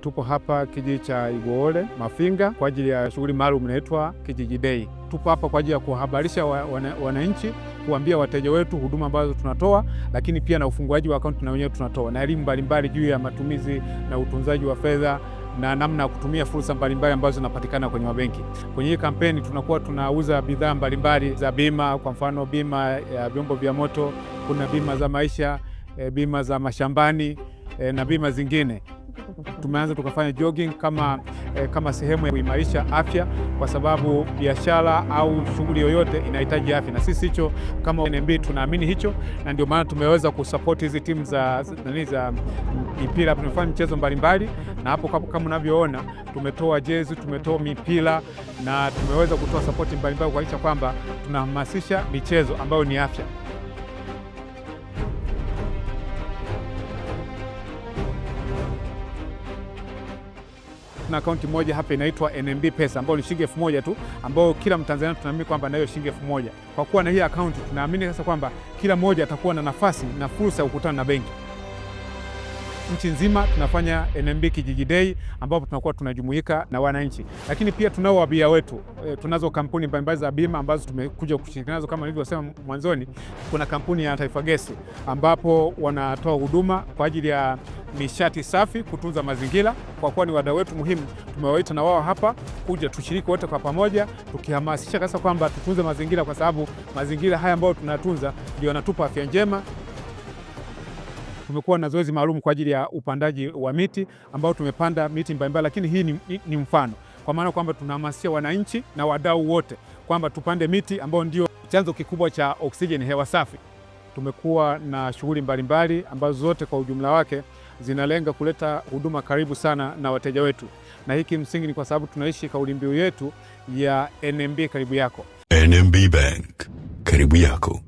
Tupo hapa kijiji cha igoole Mafinga kwa ajili ya shughuli maalum inaitwa Kijiji Day. Tupo hapa kwa ajili ya kuhabarisha wananchi wana kuambia wateja wetu huduma ambazo tunatoa, lakini pia na ufunguaji wa akaunti na wenyewe tunatoa na elimu mbalimbali juu ya matumizi na utunzaji wa fedha na namna ya kutumia fursa mbalimbali ambazo zinapatikana kwenye mabenki. Kwenye hii kampeni tunakuwa tunauza bidhaa mbalimbali za bima, kwa mfano bima ya vyombo vya moto, kuna bima za maisha, eh, bima za mashambani eh, na bima zingine tumeanza tukafanya jogging kama, eh, kama sehemu ya kuimarisha afya, kwa sababu biashara au shughuli yoyote inahitaji afya, na sisi hicho kama NMB tunaamini hicho, na ndio maana tumeweza kusapoti hizi timu za nani za mipira. Tumefanya michezo mbalimbali, na hapo kama unavyoona tumetoa jezi, tumetoa mipira na tumeweza kutoa sapoti mbalimbali kuhakikisha kwamba tunahamasisha michezo ambayo ni afya. tuna akaunti moja hapa inaitwa NMB Pesa ambayo ni shilingi elfu moja tu, ambayo kila Mtanzania tunaamini kwamba nayo shilingi elfu moja. Kwa kuwa na hii akaunti, tunaamini sasa kwamba kila mmoja atakuwa na nafasi na fursa ya kukutana na benki nchi nzima tunafanya NMB Kijiji Day ambapo tunakuwa tunajumuika na wananchi, lakini pia tunao wabia wetu. E, tunazo kampuni mbalimbali za bima ambazo tumekuja kushirikiana nazo. Kama nilivyosema mwanzoni, kuna kampuni ya Taifa Gesi ambapo wanatoa huduma kwa ajili ya nishati safi, kutunza mazingira, kwa kuwa ni wadau wetu muhimu. Tumewaita na wao hapa kuja tushiriki wote kwa pamoja, tukihamasisha kabisa kwamba tutunze mazingira, kwa sababu mazingira haya ambayo tunatunza ndio yanatupa afya njema. Tumekuwa na zoezi maalum kwa ajili ya upandaji wa miti ambao tumepanda miti mbalimbali, lakini hii ni, ni, ni mfano kwa maana kwamba tunahamasisha wananchi na wadau wote kwamba tupande miti ambayo ndio chanzo kikubwa cha oksijeni, hewa safi tumekuwa na shughuli mbalimbali ambazo zote kwa ujumla wake zinalenga kuleta huduma karibu sana na wateja wetu, na hii kimsingi ni kwa sababu tunaishi kauli mbiu yetu ya NMB karibu yako. NMB Bank karibu yako.